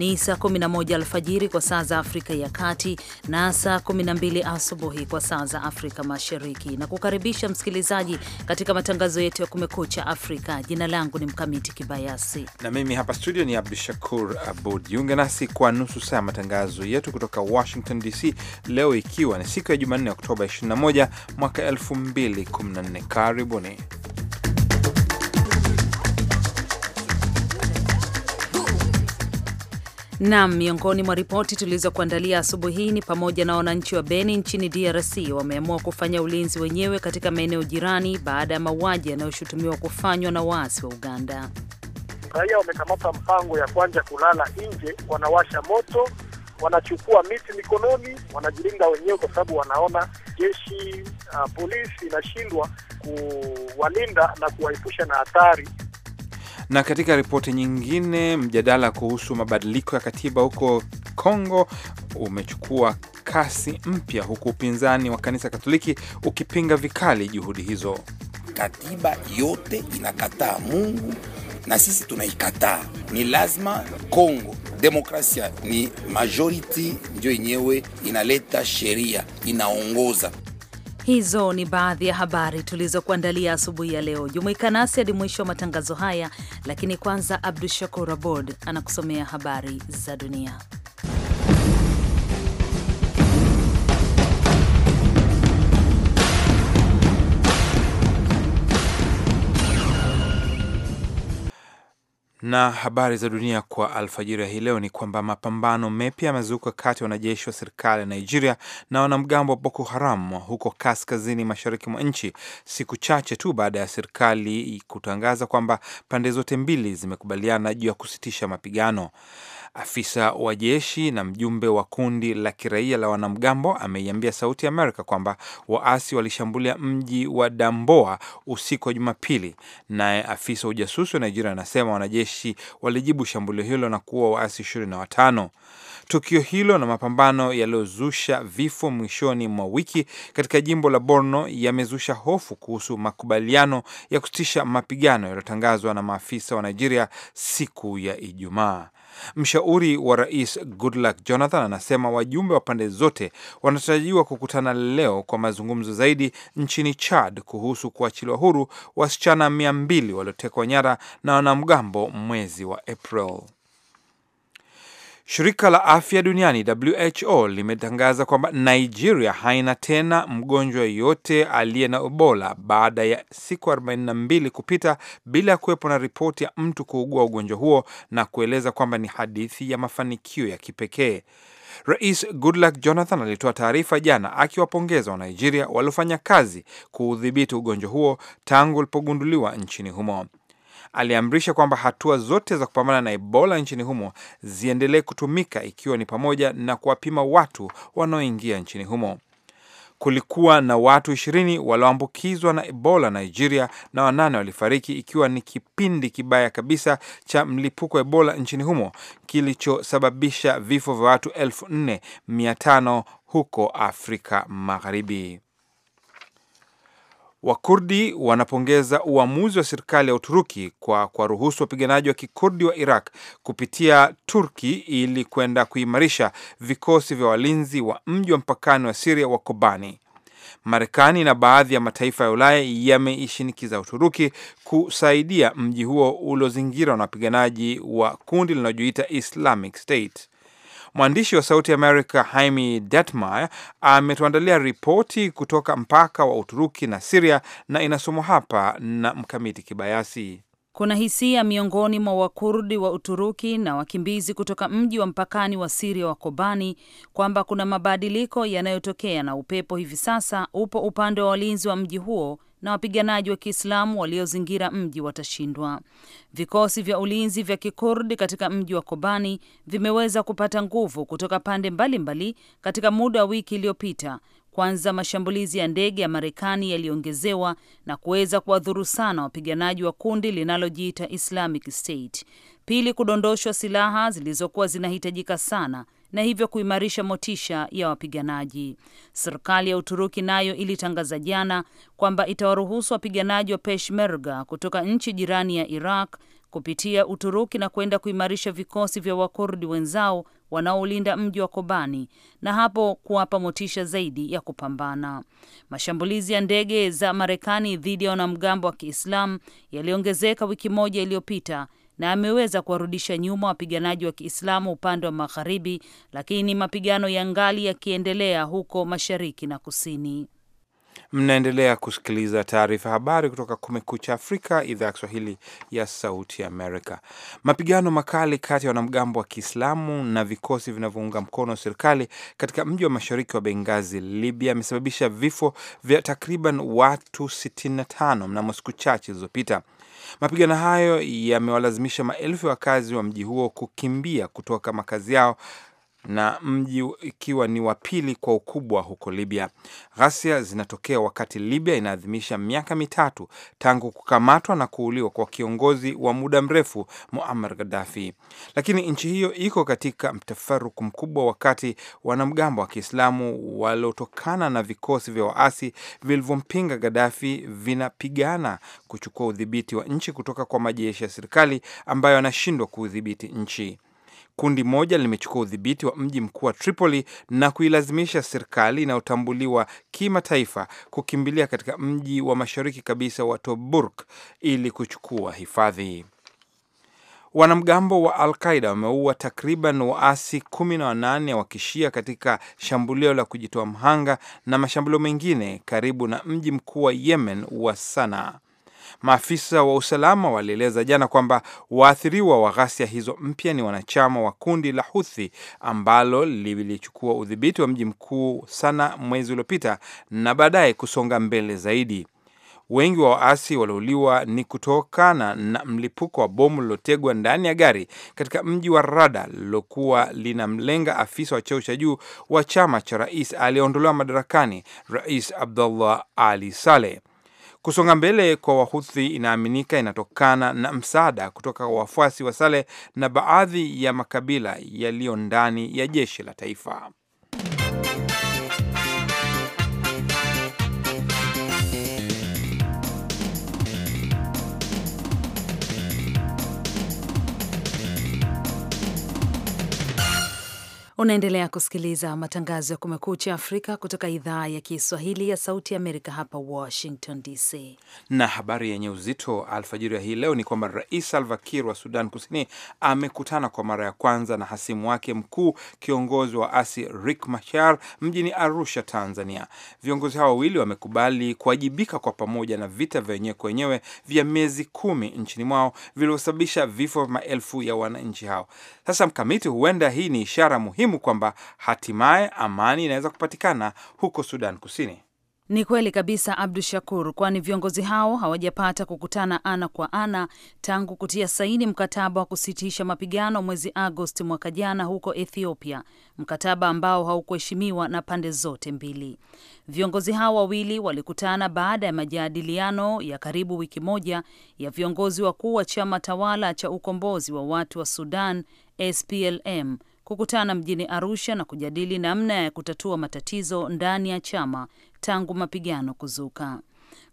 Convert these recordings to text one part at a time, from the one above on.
ni saa 11 alfajiri kwa saa za Afrika ya Kati na saa 12 asubuhi kwa saa za Afrika Mashariki, na kukaribisha msikilizaji katika matangazo yetu ya Kumekucha Afrika. Jina langu ni Mkamiti Kibayasi na mimi hapa studio ni Abdu Shakur Abud. Jiunge nasi kwa nusu saa ya matangazo yetu kutoka Washington DC, leo ikiwa ni siku ya Jumanne, Oktoba 21 mwaka 2014. Karibuni. Nam, miongoni mwa ripoti tulizokuandalia asubuhi hii ni pamoja na wananchi wa Beni nchini DRC wameamua kufanya ulinzi wenyewe katika maeneo jirani baada ya mauaji yanayoshutumiwa kufanywa na waasi wa Uganda. Raia wamekamata mpango ya kwanja kulala nje, wanawasha moto, wanachukua miti mikononi, wanajilinda wenyewe kwa sababu wanaona jeshi uh, polisi inashindwa kuwalinda na kuwaepusha na hatari na katika ripoti nyingine, mjadala kuhusu mabadiliko ya katiba huko Kongo umechukua kasi mpya, huku upinzani wa kanisa Katoliki ukipinga vikali juhudi hizo. Katiba yote inakataa Mungu na sisi tunaikataa. Ni lazima Kongo demokrasia ni majority, ndio yenyewe inaleta sheria, inaongoza Hizo ni baadhi ya habari tulizokuandalia asubuhi ya leo. Jumuika nasi hadi mwisho wa matangazo haya, lakini kwanza Abdu Shakur Abod anakusomea habari za dunia. Na habari za dunia kwa alfajiri ya hii leo ni kwamba mapambano mepya yamezuka kati ya wanajeshi wa serikali ya Nigeria na wanamgambo wa Boko Haram huko kaskazini mashariki mwa nchi, siku chache tu baada ya serikali kutangaza kwamba pande zote mbili zimekubaliana juu ya kusitisha mapigano. Afisa wa jeshi na mjumbe wa kundi la kiraia la wanamgambo ameiambia Sauti Amerika kwamba waasi walishambulia mji wa Damboa usiku wa Jumapili. Naye afisa wa ujasusi wa Nigeria anasema wanajeshi walijibu shambulio hilo na kuua waasi ishirini na watano. Tukio hilo na mapambano yaliyozusha vifo mwishoni mwa wiki katika jimbo la Borno yamezusha hofu kuhusu makubaliano ya kusitisha mapigano yaliyotangazwa na maafisa wa Nigeria siku ya Ijumaa. Mshauri wa rais Goodluck Jonathan anasema wajumbe wa pande zote wanatarajiwa kukutana leo kwa mazungumzo zaidi nchini Chad kuhusu kuachiliwa huru wasichana mia mbili waliotekwa nyara na wanamgambo mwezi wa April. Shirika la afya duniani WHO limetangaza kwamba Nigeria haina tena mgonjwa yeyote aliye na Ebola baada ya siku 42 kupita bila ya kuwepo na ripoti ya mtu kuugua ugonjwa huo na kueleza kwamba ni hadithi ya mafanikio ya kipekee. Rais Goodluck Jonathan alitoa taarifa jana akiwapongeza Wanigeria waliofanya kazi kuudhibiti ugonjwa huo tangu ulipogunduliwa nchini humo aliamrisha kwamba hatua zote za kupambana na Ebola nchini humo ziendelee kutumika ikiwa ni pamoja na kuwapima watu wanaoingia nchini humo. Kulikuwa na watu ishirini walioambukizwa na Ebola Nigeria na wanane walifariki, ikiwa ni kipindi kibaya kabisa cha mlipuko wa Ebola nchini humo kilichosababisha vifo vya watu elfu nne mia tano huko Afrika Magharibi. Wakurdi wanapongeza uamuzi wa serikali ya Uturuki kwa kuwaruhusu wapiganaji wa kikurdi wa Iraq kupitia Turki ili kwenda kuimarisha vikosi vya walinzi wa mji wa mpakani wa Siria wa Kobani. Marekani na baadhi ya mataifa ya Ulaya yameishinikiza Uturuki kusaidia mji huo uliozingirwa na wapiganaji wa kundi linalojiita Islamic State. Mwandishi wa Sauti America Haimi Detmar ametuandalia ripoti kutoka mpaka wa Uturuki na Siria na inasomwa hapa na Mkamiti Kibayasi. Kuna hisia miongoni mwa Wakurdi wa Uturuki na wakimbizi kutoka mji wa mpakani wa Siria wa Kobani kwamba kuna mabadiliko yanayotokea na upepo hivi sasa upo upande wa walinzi wa mji huo na wapiganaji wa Kiislamu waliozingira mji watashindwa. Vikosi vya ulinzi vya Kikurdi katika mji wa Kobani vimeweza kupata nguvu kutoka pande mbalimbali mbali katika muda wa wiki iliyopita. Kwanza mashambulizi ya ndege ya Marekani yaliongezewa na kuweza kuwadhuru sana wapiganaji wa kundi linalojiita Islamic State. Pili, kudondoshwa silaha zilizokuwa zinahitajika sana na hivyo kuimarisha motisha ya wapiganaji. Serikali ya Uturuki nayo ilitangaza jana kwamba itawaruhusu wapiganaji wa Peshmerga kutoka nchi jirani ya Iraq kupitia Uturuki na kwenda kuimarisha vikosi vya Wakurdi wenzao wanaolinda mji wa Kobani na hapo kuwapa motisha zaidi ya kupambana. Mashambulizi ya ndege za Marekani dhidi ya wanamgambo wa Kiislamu yaliongezeka wiki moja iliyopita na ameweza kuwarudisha nyuma wapiganaji wa Kiislamu upande wa magharibi, lakini mapigano ya ngali yakiendelea huko mashariki na kusini. Mnaendelea kusikiliza taarifa habari kutoka Kumekucha Afrika, idhaa ya Kiswahili ya Sauti Amerika. Mapigano makali kati ya wanamgambo wa Kiislamu na vikosi vinavyounga mkono serikali katika mji wa mashariki wa Bengazi, Libya, amesababisha vifo vya takriban watu 65 mnamo siku chache zilizopita. Mapigano hayo yamewalazimisha maelfu ya wakazi wa mji huo kukimbia kutoka makazi yao na mji ikiwa ni wa pili kwa ukubwa huko Libya. Ghasia zinatokea wakati Libya inaadhimisha miaka mitatu tangu kukamatwa na kuuliwa kwa kiongozi wa muda mrefu Muammar Gaddafi, lakini nchi hiyo iko katika mtafaruku mkubwa, wakati wanamgambo wa Kiislamu waliotokana na vikosi vya waasi vilivyompinga Gaddafi vinapigana kuchukua udhibiti wa nchi kutoka kwa majeshi ya serikali ambayo yanashindwa kuudhibiti nchi. Kundi moja limechukua udhibiti wa mji mkuu wa Tripoli na kuilazimisha serikali inayotambuliwa kimataifa kukimbilia katika mji wa mashariki kabisa wa Tobruk ili kuchukua hifadhi. Wanamgambo wa Al Qaida wameua takriban waasi kumi na wanane wa kishia katika shambulio la kujitoa mhanga na mashambulio mengine karibu na mji mkuu wa Yemen wa Sanaa. Maafisa wa usalama walieleza jana kwamba waathiriwa wa ghasia hizo mpya ni wanachama wa kundi la Huthi ambalo lilichukua udhibiti wa mji mkuu Sana mwezi uliopita na baadaye kusonga mbele zaidi. Wengi wa waasi waliouliwa ni kutokana na mlipuko wa bomu lilotegwa ndani ya gari katika mji wa Rada lilokuwa linamlenga afisa wa cheo cha juu wa chama cha rais aliyeondolewa madarakani, Rais Abdullah Ali Saleh. Kusonga mbele kwa Wahuthi inaaminika inatokana na msaada kutoka kwa wafuasi wa Saleh na baadhi ya makabila yaliyo ndani ya jeshi la taifa. Unaendelea kusikiliza matangazo ya Kumekucha Afrika kutoka idhaa ya Kiswahili ya Sauti Amerika hapa Washington DC. Na habari yenye uzito alfajiri ya hii leo ni kwamba Rais Salva Kiir wa Sudan Kusini amekutana kwa mara ya kwanza na hasimu wake mkuu, kiongozi wa asi Riek Machar mjini Arusha, Tanzania. Viongozi hao wawili wamekubali kuwajibika kwa pamoja na vita vya wenyewe kwa wenyewe vya miezi kumi nchini mwao vilivyosababisha vifo maelfu ya wananchi hao. Sasa mkamiti, huenda hii ni ishara muhimu muhimu kwamba hatimaye amani inaweza kupatikana huko Sudan Kusini. Ni kweli kabisa Abdu Shakur, kwani viongozi hao hawajapata kukutana ana kwa ana tangu kutia saini mkataba wa kusitisha mapigano mwezi Agosti mwaka jana huko Ethiopia, mkataba ambao haukuheshimiwa na pande zote mbili. Viongozi hao wawili walikutana baada ya majadiliano ya karibu wiki moja ya viongozi wakuu wa chama tawala cha ukombozi wa watu wa Sudan SPLM kukutana mjini Arusha na kujadili namna ya kutatua matatizo ndani ya chama tangu mapigano kuzuka.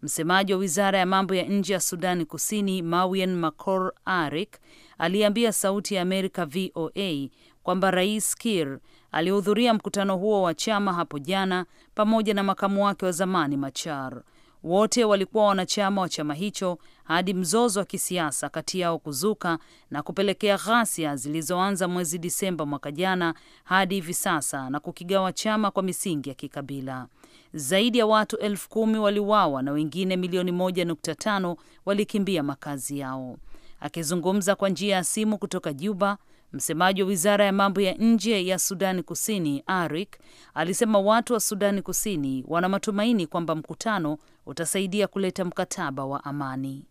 Msemaji wa wizara ya mambo ya nje ya Sudani Kusini, Mawien Makor Arik, aliambia Sauti ya Amerika VOA kwamba Rais Kir alihudhuria mkutano huo wa chama hapo jana pamoja na makamu wake wa zamani Machar. Wote walikuwa wanachama wa chama hicho hadi mzozo wa kisiasa kati yao kuzuka na kupelekea ghasia zilizoanza mwezi Disemba mwaka jana hadi hivi sasa na kukigawa chama kwa misingi ya kikabila. Zaidi ya watu elfu kumi waliuawa na wengine milioni moja nukta tano walikimbia makazi yao. Akizungumza kwa njia ya simu kutoka Juba, msemaji wa wizara ya mambo ya nje ya Sudani Kusini, Arik, alisema watu wa Sudani Kusini wana matumaini kwamba mkutano utasaidia kuleta mkataba wa amani.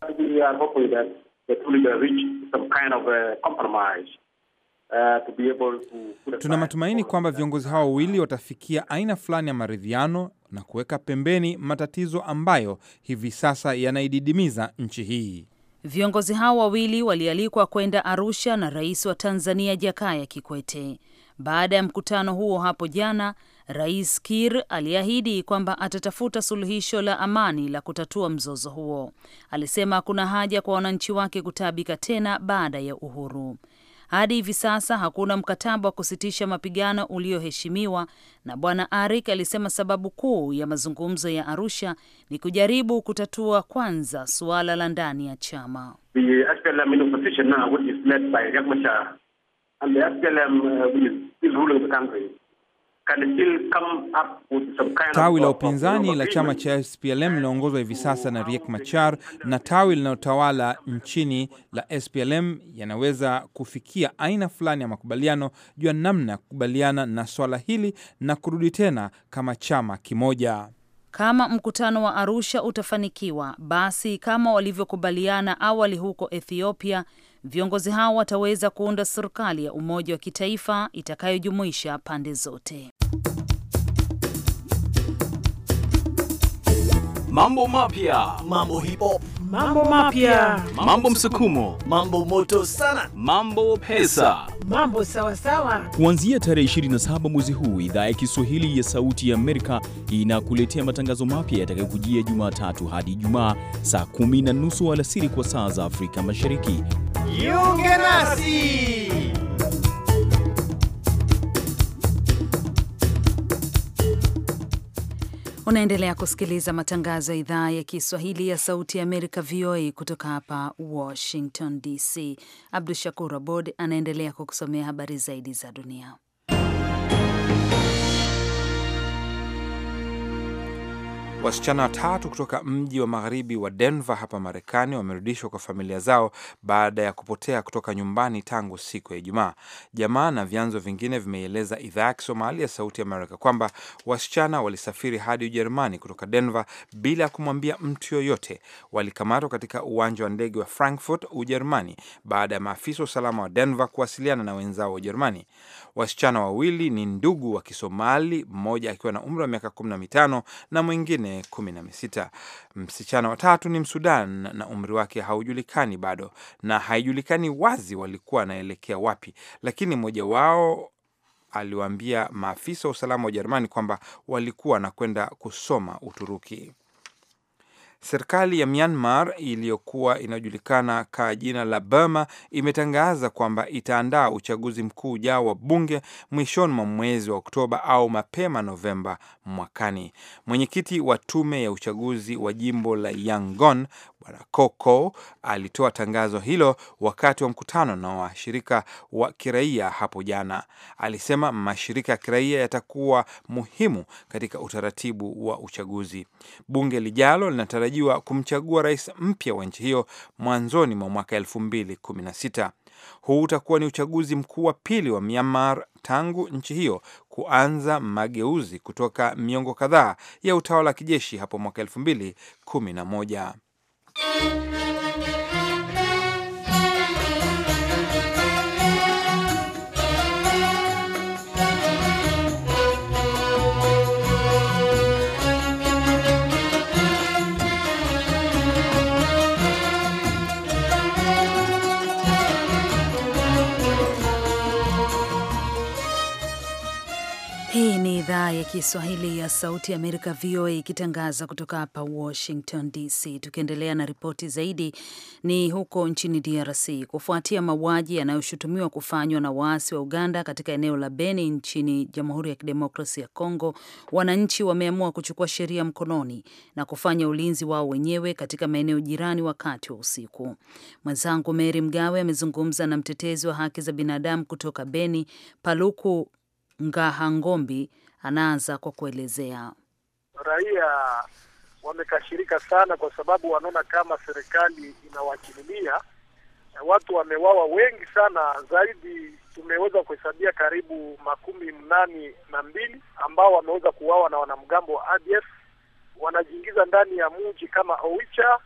Uh, Tuna matumaini kwamba viongozi hao wawili watafikia aina fulani ya maridhiano na kuweka pembeni matatizo ambayo hivi sasa yanaididimiza nchi hii. Viongozi hao wawili walialikwa kwenda Arusha na Rais wa Tanzania Jakaya Kikwete. Baada ya mkutano huo hapo jana, Rais Kir aliahidi kwamba atatafuta suluhisho la amani la kutatua mzozo huo. Alisema kuna haja kwa wananchi wake kutaabika tena baada ya uhuru. Hadi hivi sasa hakuna mkataba wa kusitisha mapigano ulioheshimiwa, na bwana Arik alisema sababu kuu ya mazungumzo ya Arusha ni kujaribu kutatua kwanza suala la ndani ya chama. Tawi la upinzani la chama cha SPLM linaongozwa hivi sasa na Riek Machar na tawi linalotawala nchini la SPLM yanaweza kufikia aina fulani ya makubaliano juu ya namna ya kukubaliana na swala hili na kurudi tena kama chama kimoja. Kama mkutano wa Arusha utafanikiwa, basi kama walivyokubaliana awali huko Ethiopia Viongozi hao wataweza kuunda serikali ya umoja wa kitaifa itakayojumuisha pande zote. Mambo mapya, mambo hipo, mambo mapya, mambo msukumo, mambo moto sana, mambo pesa, mambo sawasawa. Kuanzia tarehe 27 mwezi huu, idhaa ya Kiswahili ya Sauti ya Amerika inakuletea matangazo mapya yatakayokujia Jumatatu hadi Ijumaa saa kumi na nusu alasiri kwa saa za Afrika Mashariki. Jiunge nasi! Unaendelea kusikiliza matangazo ya idhaa ya Kiswahili ya Sauti ya Amerika, VOA, kutoka hapa Washington DC. Abdu Shakur Abod anaendelea kukusomea habari zaidi za dunia. Wasichana watatu kutoka mji wa magharibi wa Denver hapa Marekani wamerudishwa kwa familia zao baada ya kupotea kutoka nyumbani tangu siku ya Ijumaa. Jamaa na vyanzo vingine vimeieleza idhaa ya Kisomali ya Sauti Amerika kwamba wasichana walisafiri hadi Ujerumani kutoka Denver bila ya kumwambia mtu yoyote. Walikamatwa katika uwanja wa ndege wa Frankfurt, Ujerumani, baada ya maafisa wa usalama wa Denver kuwasiliana na wenzao wa Ujerumani. Wasichana wawili ni ndugu wa Kisomali, mmoja akiwa na umri wa miaka 15 na mwingine wengine 16. Msichana watatu ni Msudan na umri wake haujulikani bado, na haijulikani wazi walikuwa wanaelekea wapi, lakini mmoja wao aliwaambia maafisa wa usalama wa Ujerumani kwamba walikuwa wanakwenda kusoma Uturuki. Serikali ya Myanmar iliyokuwa inajulikana kwa jina la Burma imetangaza kwamba itaandaa uchaguzi mkuu ujao wa bunge mwishoni mwa mwezi wa Oktoba au mapema Novemba mwakani. Mwenyekiti wa tume ya uchaguzi wa jimbo la Yangon Bwana Koko alitoa tangazo hilo wakati wa mkutano na washirika wa kiraia hapo jana. Alisema mashirika ya kiraia yatakuwa muhimu katika utaratibu wa uchaguzi. Bunge lijalo linatarajiwa anatarajiwa kumchagua rais mpya wa nchi hiyo mwanzoni mwa mwaka 2016. Huu utakuwa ni uchaguzi mkuu wa pili wa Myanmar tangu nchi hiyo kuanza mageuzi kutoka miongo kadhaa ya utawala wa kijeshi hapo mwaka 2011. idhaa ya Kiswahili ya Sauti Amerika, VOA, ikitangaza kutoka hapa Washington DC. Tukiendelea na ripoti zaidi, ni huko nchini DRC kufuatia mauaji yanayoshutumiwa kufanywa na waasi wa Uganda katika eneo la Beni nchini Jamhuri ya kidemokrasi ya congo wananchi wameamua kuchukua sheria mkononi na kufanya ulinzi wao wenyewe katika maeneo jirani wakati wa usiku. Mwenzangu Meri Mgawe amezungumza na mtetezi wa haki za binadamu kutoka Beni, Paluku Ngahangombi Anaanza kwa kuelezea raia wamekashirika sana, kwa sababu wanaona kama serikali inawakililia. Watu wamewawa wengi sana zaidi, tumeweza kuhesabia karibu makumi mnani na mbili ambao wameweza kuwawa na wanamgambo wa ADF. Wanajiingiza ndani ya muji kama Oicha,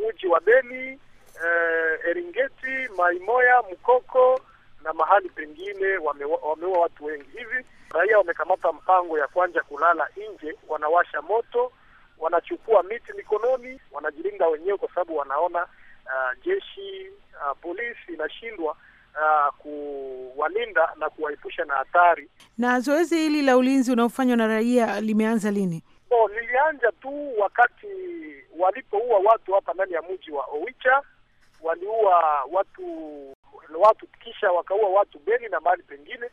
muji wa Beni, eh, Eringeti, Maimoya, Mkoko na mahali pengine. Wameua watu wengi hivi Raia wamekamata mpango ya kwanja kulala nje, wanawasha moto, wanachukua miti mikononi, wanajilinda wenyewe kwa sababu wanaona uh, jeshi uh, polisi inashindwa Uh, kuwalinda na kuwaepusha na hatari. Na zoezi hili la ulinzi unaofanywa na raia limeanza lini? Oh, lilianza tu wakati walipoua watu hapa ndani ya mji wa owicha waliua watu watu kisha wakaua watu Beni na mahali pengine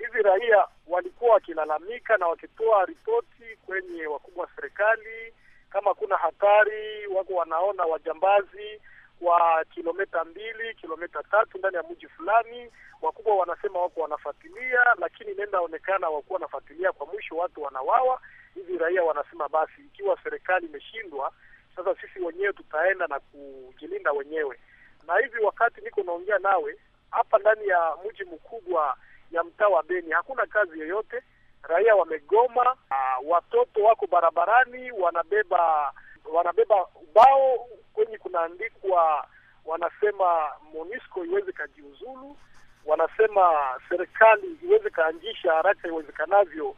hivi raia walikuwa wakilalamika na wakitoa ripoti kwenye wakubwa wa serikali kama kuna hatari, wako wanaona wajambazi wa kilomita mbili kilomita tatu ndani ya mji fulani. Wakubwa wanasema wako wanafuatilia, lakini inaendaonekana wakuwa wanafuatilia, kwa mwisho watu wanawawa. Hivi raia wanasema basi, ikiwa serikali imeshindwa, sasa sisi wenyewe tutaenda na kujilinda wenyewe. Na hivi wakati niko naongea nawe hapa ndani ya mji mkubwa ya mtaa wa Beni hakuna kazi yoyote, raia wamegoma. Uh, watoto wako barabarani wanabeba wanabeba ubao kwenye kunaandikwa, wanasema Monisco iweze kajiuzulu, wanasema serikali iweze kaanzisha haraka iwezekanavyo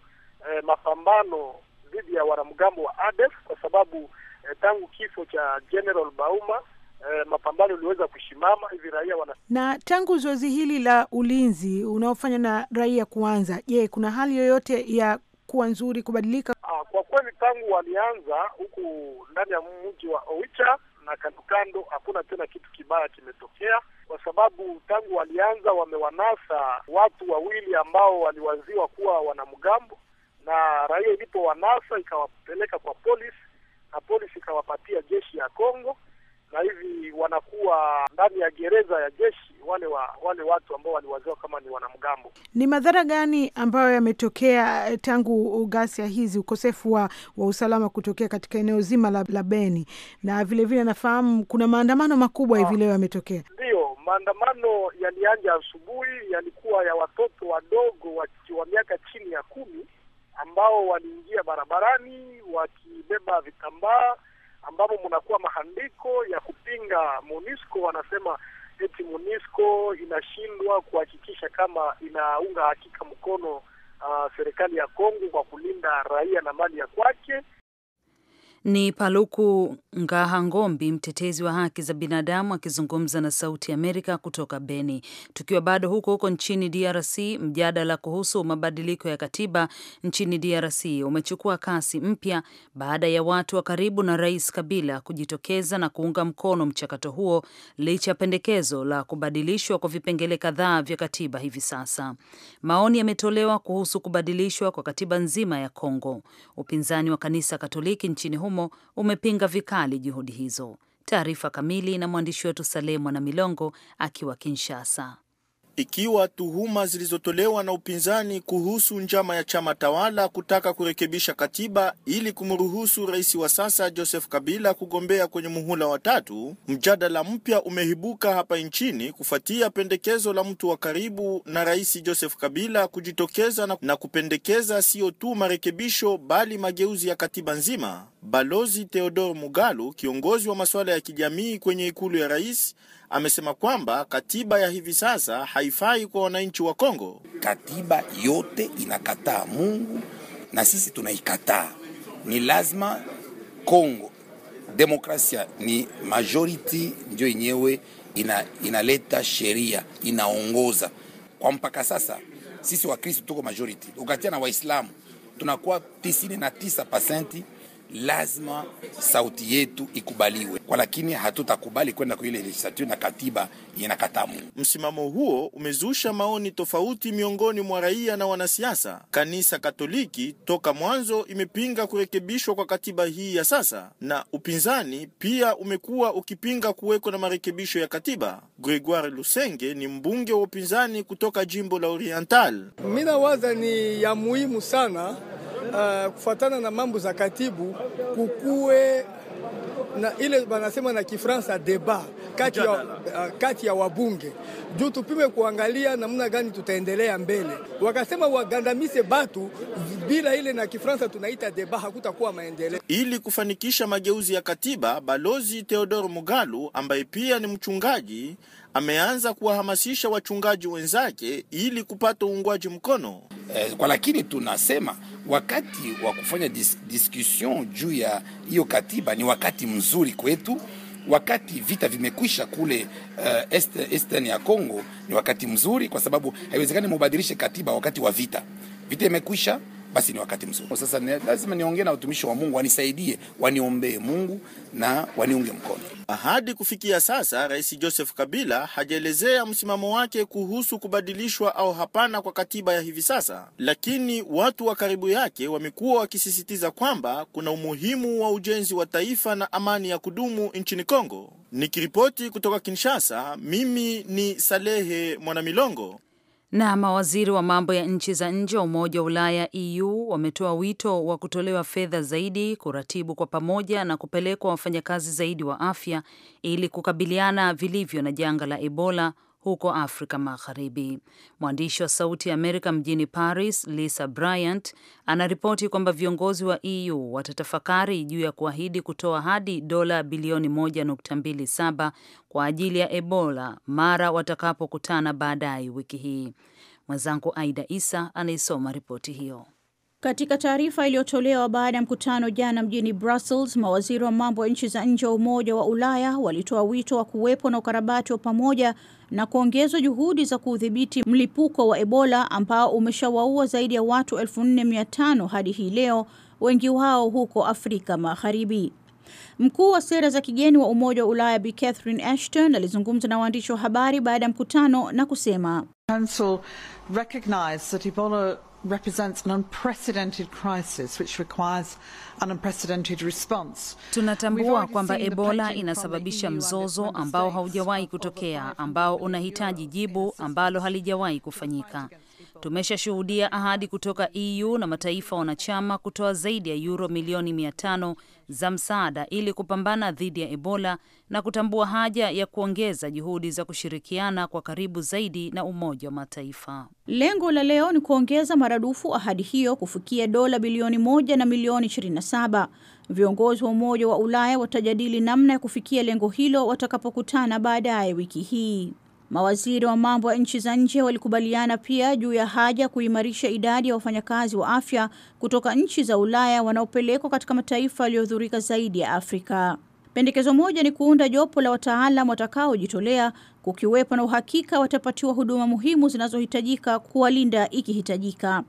eh, mapambano dhidi ya wanamgambo wa ADF kwa sababu eh, tangu kifo cha General Bauma eh, mapambano iliweza kusimama hivi raia wana... Na tangu zoezi hili la ulinzi unaofanywa na raia kuanza, je, kuna hali yoyote ya kuwa nzuri kubadilika? Ah, kwa kweli tangu walianza huku ndani ya mji wa Oicha na kando kando, hakuna tena kitu kibaya kimetokea, kwa sababu tangu walianza wamewanasa watu wawili ambao waliwaziwa kuwa wanamgambo, na raia ilipowanasa ikawapeleka kwa polisi na polisi ikawapatia jeshi ya Kongo na hivi wanakuwa ndani ya gereza ya jeshi wale wa, wale watu ambao waliwaziwa kama ni wanamgambo. Ni madhara gani ambayo yametokea eh, tangu ghasia hizi, ukosefu wa, wa usalama kutokea katika eneo zima la, la Beni na vilevile nafahamu kuna maandamano makubwa hivi ah. leo yametokea? Ndiyo, maandamano yalianja asubuhi, yalikuwa ya watoto wadogo wa, wa miaka chini ya kumi ambao waliingia barabarani wakibeba vitambaa ambapo munakuwa maandiko ya kupinga MONUSCO. Wanasema eti MONUSCO inashindwa kuhakikisha kama inaunga hakika mkono uh, serikali ya Kongo kwa kulinda raia na mali ya kwake, ni Paluku Ngahangombi, mtetezi wa haki za binadamu akizungumza na Sauti ya Amerika kutoka Beni. Tukiwa bado huko huko nchini DRC, mjadala kuhusu mabadiliko ya katiba nchini DRC umechukua kasi mpya baada ya watu wa karibu na Rais Kabila kujitokeza na kuunga mkono mchakato huo licha ya pendekezo la kubadilishwa kwa vipengele kadhaa vya katiba hivi sasa. Maoni yametolewa kuhusu kubadilishwa kwa katiba nzima ya Kongo. Upinzani wa kanisa Katoliki nchini humo humo umepinga vikali juhudi hizo. Taarifa kamili na mwandishi wetu Saleh na Milongo akiwa Kinshasa ikiwa tuhuma zilizotolewa na upinzani kuhusu njama ya chama tawala kutaka kurekebisha katiba ili kumruhusu rais wa sasa Joseph Kabila kugombea kwenye muhula wa tatu. Mjadala mpya umeibuka hapa nchini kufuatia pendekezo la mtu wa karibu na rais Joseph Kabila kujitokeza na, na kupendekeza sio tu marekebisho bali mageuzi ya katiba nzima. Balozi Theodore Mugalu, kiongozi wa masuala ya kijamii kwenye ikulu ya rais amesema kwamba katiba ya hivi sasa haifai kwa wananchi wa Kongo. Katiba yote inakataa Mungu na sisi tunaikataa. Ni lazima Kongo demokrasia ni majority ndio yenyewe ina, inaleta sheria inaongoza kwa mpaka sasa. Sisi Kristo tuko majority, ukatia na Waislamu tunakuwa tisini na tisa pasenti lazima sauti yetu ikubaliwe, kwa lakini hatutakubali kwenda kwa ile legislature na katiba Mungu. Msimamo huo umezusha maoni tofauti miongoni mwa raia na wanasiasa. Kanisa Katoliki toka mwanzo imepinga kurekebishwa kwa katiba hii ya sasa, na upinzani pia umekuwa ukipinga kuweko na marekebisho ya katiba. Gregoire Lusenge ni mbunge wa upinzani kutoka jimbo la Oriental. Mina waza ni ya muhimu sana uh, kufuatana na mambo za katibu kukuwe na ile wanasema na Kifransa deba kati ya, uh, kati ya wabunge juu tupime kuangalia namna gani tutaendelea mbele. Wakasema wagandamise batu bila ile na Kifransa tunaita deba, hakutakuwa maendeleo. Ili kufanikisha mageuzi ya katiba, Balozi Theodore Mugalu ambaye pia ni mchungaji ameanza kuwahamasisha wachungaji wenzake ili kupata uungwaji mkono eh, kwa lakini tunasema wakati wa kufanya dis diskusion juu ya hiyo katiba ni wakati mzuri kwetu wakati vita vimekwisha kule uh, est, estern ya Congo ni wakati mzuri, kwa sababu haiwezekani mubadilishe katiba wakati wa vita. Vita imekwisha, basi ni wakati mzuri. Sasa ni lazima niongee na watumishi wa Mungu wanisaidie, waniombee Mungu na waniunge mkono. Hadi kufikia sasa, Rais Joseph Kabila hajaelezea msimamo wake kuhusu kubadilishwa au hapana kwa katiba ya hivi sasa, lakini watu wa karibu yake wamekuwa wakisisitiza kwamba kuna umuhimu wa ujenzi wa taifa na amani ya kudumu nchini Kongo. Nikiripoti kutoka Kinshasa, mimi ni Salehe Mwanamilongo. Na mawaziri wa mambo ya nchi za nje wa Umoja wa Ulaya EU wametoa wito wa kutolewa fedha zaidi kuratibu kwa pamoja na kupelekwa wafanyakazi zaidi wa afya ili kukabiliana vilivyo na janga la Ebola huko Afrika Magharibi. Mwandishi wa Sauti ya Amerika mjini Paris, Lisa Bryant, anaripoti kwamba viongozi wa EU watatafakari juu ya kuahidi kutoa hadi dola bilioni 1.27 kwa ajili ya Ebola mara watakapokutana baadaye wiki hii. Mwenzangu Aida Isa anaisoma ripoti hiyo. Katika taarifa iliyotolewa baada ya mkutano jana mjini Brussels, mawaziri wa mambo ya nchi za nje wa Umoja wa Ulaya walitoa wito wa kuwepo na ukarabati wa pamoja na kuongezwa juhudi za kuudhibiti mlipuko wa Ebola ambao umeshawaua zaidi ya watu 4500 hadi hii leo, wengi wao huko Afrika Magharibi. Mkuu wa sera za kigeni wa Umoja wa Ulaya Bi Catherine Ashton alizungumza na waandishi wa habari baada ya mkutano na kusema Council recognize that Ebola represents an unprecedented crisis which requires an unprecedented response. Tunatambua kwamba Ebola inasababisha e mzozo ambao haujawahi kutokea, ambao unahitaji jibu ambalo halijawahi kufanyika. Tumeshashuhudia ahadi kutoka EU na mataifa wanachama kutoa zaidi ya euro milioni mia tano za msaada ili kupambana dhidi ya Ebola na kutambua haja ya kuongeza juhudi za kushirikiana kwa karibu zaidi na Umoja wa Mataifa. Lengo la leo ni kuongeza maradufu ahadi hiyo kufikia dola bilioni moja na milioni 27. Viongozi wa Umoja wa Ulaya watajadili namna ya kufikia lengo hilo watakapokutana baadaye wiki hii. Mawaziri wa mambo ya nchi za nje walikubaliana pia juu ya haja kuimarisha idadi ya wafanyakazi wa afya kutoka nchi za Ulaya wanaopelekwa katika mataifa yaliyodhurika zaidi ya Afrika. Pendekezo moja ni kuunda jopo la wataalam watakaojitolea, kukiwepo na uhakika watapatiwa huduma muhimu zinazohitajika kuwalinda ikihitajika.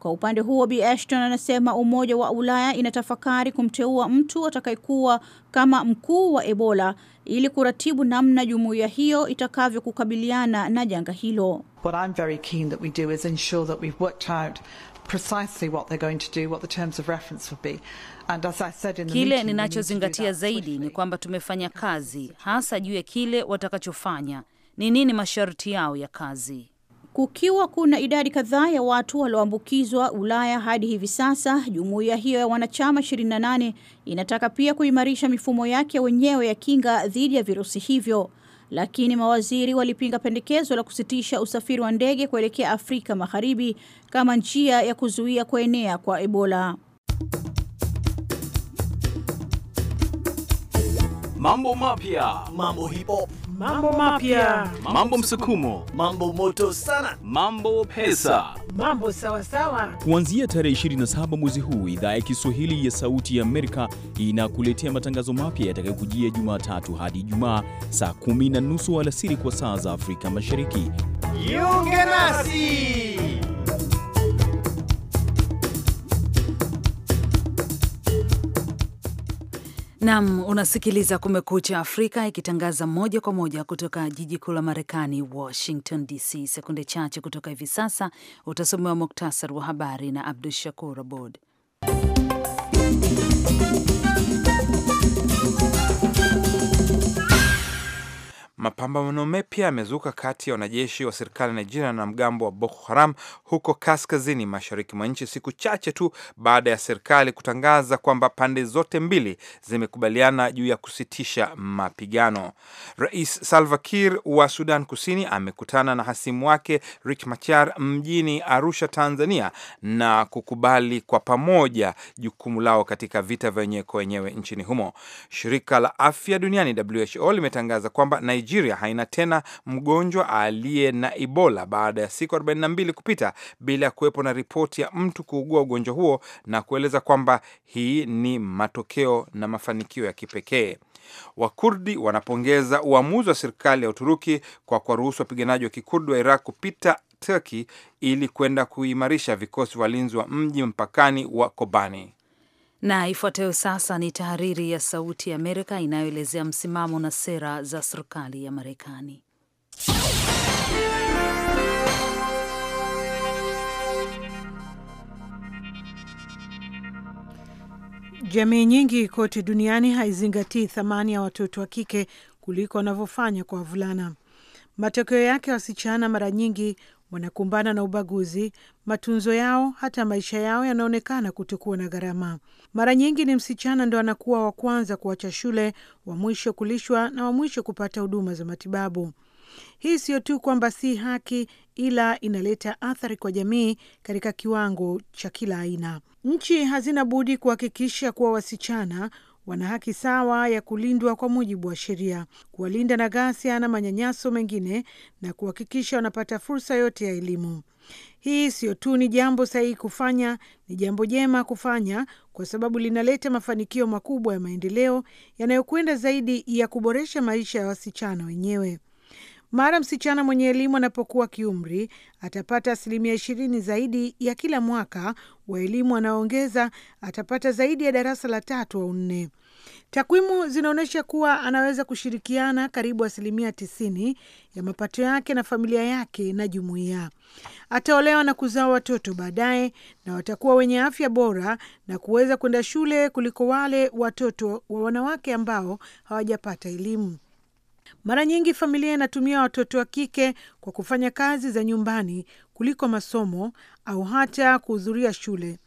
Kwa upande huo, Bi Ashton anasema Umoja wa Ulaya inatafakari kumteua mtu atakayekuwa kama mkuu wa Ebola ili kuratibu namna jumuiya hiyo itakavyokukabiliana na janga hilo. What I'm very keen that we do is ensure that we've worked out Kile ninachozingatia zaidi ni kwamba tumefanya kazi hasa juu ya kile watakachofanya, ni nini masharti yao ya kazi. Kukiwa kuna idadi kadhaa ya watu walioambukizwa Ulaya hadi hivi sasa, jumuiya hiyo ya wanachama 28 inataka pia kuimarisha mifumo yake wenyewe ya kinga dhidi ya virusi hivyo, lakini mawaziri walipinga pendekezo la kusitisha usafiri wa ndege kuelekea Afrika Magharibi kama njia ya kuzuia kuenea kwa Ebola. Mambo mapya, mambo hip hop mambo mapya, mambo msukumo, mambo moto sana, mambo pesa, mambo sawasawa. Kuanzia tarehe 27 mwezi huu, idhaa ya Kiswahili ya Sauti ya Amerika inakuletea matangazo mapya yatakayokujia Jumatatu hadi Ijumaa saa kumi na nusu alasiri kwa saa za Afrika Mashariki. Jiunge nasi. Nam unasikiliza Kumekucha Afrika ikitangaza moja kwa moja kutoka jiji kuu la Marekani, Washington DC. Sekunde chache kutoka hivi sasa utasomewa muktasari wa habari na Abdu Shakur Abod. Mapambano mapya yamezuka kati ya wanajeshi wa serikali ya Nigeria na mgambo wa Boko Haram huko kaskazini mashariki mwa nchi, siku chache tu baada ya serikali kutangaza kwamba pande zote mbili zimekubaliana juu ya kusitisha mapigano. Rais Salva Kiir wa Sudan Kusini amekutana na hasimu wake Riek Machar mjini Arusha, Tanzania, na kukubali kwa pamoja jukumu lao katika vita vya wenyewe kwa wenyewe nchini humo. Shirika la Afya Duniani, WHO, limetangaza kwamba Nigeria Nigeria haina tena mgonjwa aliye na Ebola baada ya siku 42 kupita bila ya kuwepo na ripoti ya mtu kuugua ugonjwa huo na kueleza kwamba hii ni matokeo na mafanikio ya kipekee. Wakurdi wanapongeza uamuzi wa serikali ya Uturuki kwa kuwaruhusu wapiganaji wa Kikurdi wa Iraq kupita Turkey ili kwenda kuimarisha vikosi vya walinzi wa mji mpakani wa Kobani. Na ifuatayo sasa ni tahariri ya Sauti ya Amerika inayoelezea msimamo na sera za serikali ya Marekani. Jamii nyingi kote duniani haizingatii thamani ya watoto wa kike kuliko wanavyofanya kwa wavulana. Matokeo yake, wasichana mara nyingi wanakumbana na ubaguzi, matunzo yao hata maisha yao yanaonekana kutokuwa na gharama. Mara nyingi ni msichana ndo anakuwa wa kwanza kuacha shule, wa mwisho kulishwa na wa mwisho kupata huduma za matibabu. Hii siyo tu kwamba si haki, ila inaleta athari kwa jamii katika kiwango cha kila aina. Nchi hazina budi kuhakikisha kuwa wasichana wana haki sawa ya kulindwa kwa mujibu wa sheria, kuwalinda na ghasia na manyanyaso mengine, na kuhakikisha wanapata fursa yote ya elimu. Hii siyo tu ni jambo sahihi kufanya, ni jambo jema kufanya kwa sababu linaleta mafanikio makubwa ya maendeleo yanayokwenda zaidi ya kuboresha maisha ya wasichana wenyewe. Mara msichana mwenye elimu anapokuwa kiumri, atapata asilimia ishirini zaidi ya kila mwaka wa elimu anaoongeza, atapata zaidi ya darasa la tatu au nne. Takwimu zinaonyesha kuwa anaweza kushirikiana karibu asilimia tisini ya mapato yake na familia yake na jumuiya. Ataolewa na kuzaa watoto baadaye, na watakuwa wenye afya bora na kuweza kwenda shule kuliko wale watoto wa wanawake ambao hawajapata elimu. Mara nyingi familia inatumia watoto wa kike kwa kufanya kazi za nyumbani kuliko masomo au hata kuhudhuria shule.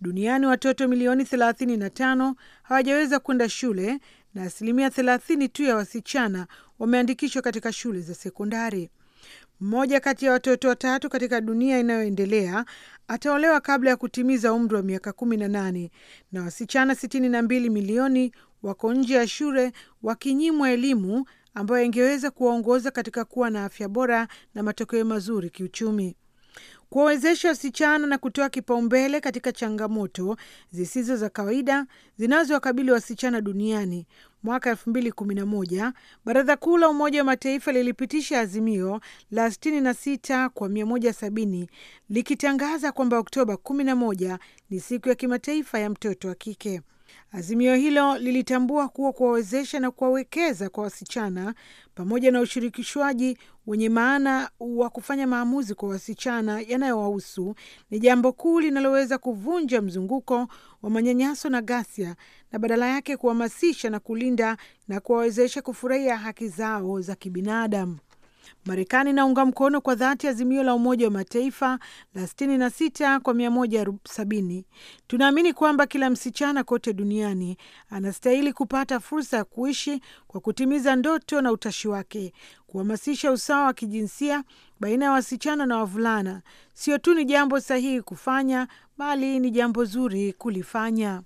Duniani watoto milioni 35 hawajaweza kwenda shule na asilimia 30 tu ya wasichana wameandikishwa katika shule za sekondari. Mmoja kati ya watoto watatu katika dunia inayoendelea ataolewa kabla ya kutimiza umri wa miaka 18 na wasichana 62 milioni wako nje ya shule wakinyimwa elimu ambayo ingeweza kuwaongoza katika kuwa na afya bora na matokeo mazuri kiuchumi. Kuwawezesha wasichana na kutoa kipaumbele katika changamoto zisizo za kawaida zinazowakabili wasichana duniani. Mwaka 2011 Baraza Kuu la Umoja wa Mataifa lilipitisha azimio la 66 kwa 170 likitangaza kwamba Oktoba 11 ni siku ya kimataifa ya mtoto wa kike. Azimio hilo lilitambua kuwa kuwawezesha na kuwawekeza kwa wasichana pamoja na ushirikishwaji wenye maana wa kufanya maamuzi kwa wasichana yanayowahusu ni jambo kuu linaloweza kuvunja mzunguko wa manyanyaso na ghasia na badala yake kuhamasisha na kulinda na kuwawezesha kufurahia haki zao za kibinadamu. Marekani inaunga mkono kwa dhati azimio la Umoja wa Mataifa la 66 kwa 170. Tunaamini kwamba kila msichana kote duniani anastahili kupata fursa ya kuishi kwa kutimiza ndoto na utashi wake, kuhamasisha usawa wa kijinsia baina ya wasichana na wavulana. Sio tu ni jambo sahihi kufanya, bali ni jambo zuri kulifanya.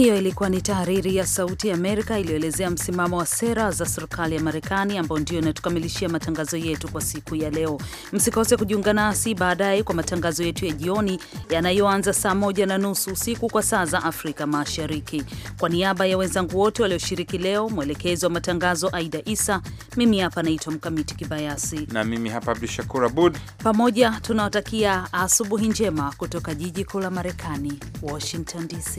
Hiyo ilikuwa ni tahariri ya Sauti ya Amerika iliyoelezea msimamo wa sera za serikali ya Marekani, ambao ndio inatukamilishia matangazo yetu kwa siku ya leo. Msikose kujiunga nasi baadaye kwa matangazo yetu ya jioni yanayoanza saa moja na nusu usiku kwa saa za Afrika Mashariki. Kwa niaba ya wenzangu wote walioshiriki leo, mwelekezi wa matangazo Aida Isa, mimi hapa naitwa Mkamiti Kibayasi na mimi hapa Abdushakur Abud, pamoja tunawatakia asubuhi njema kutoka jiji kuu la Marekani, Washington DC.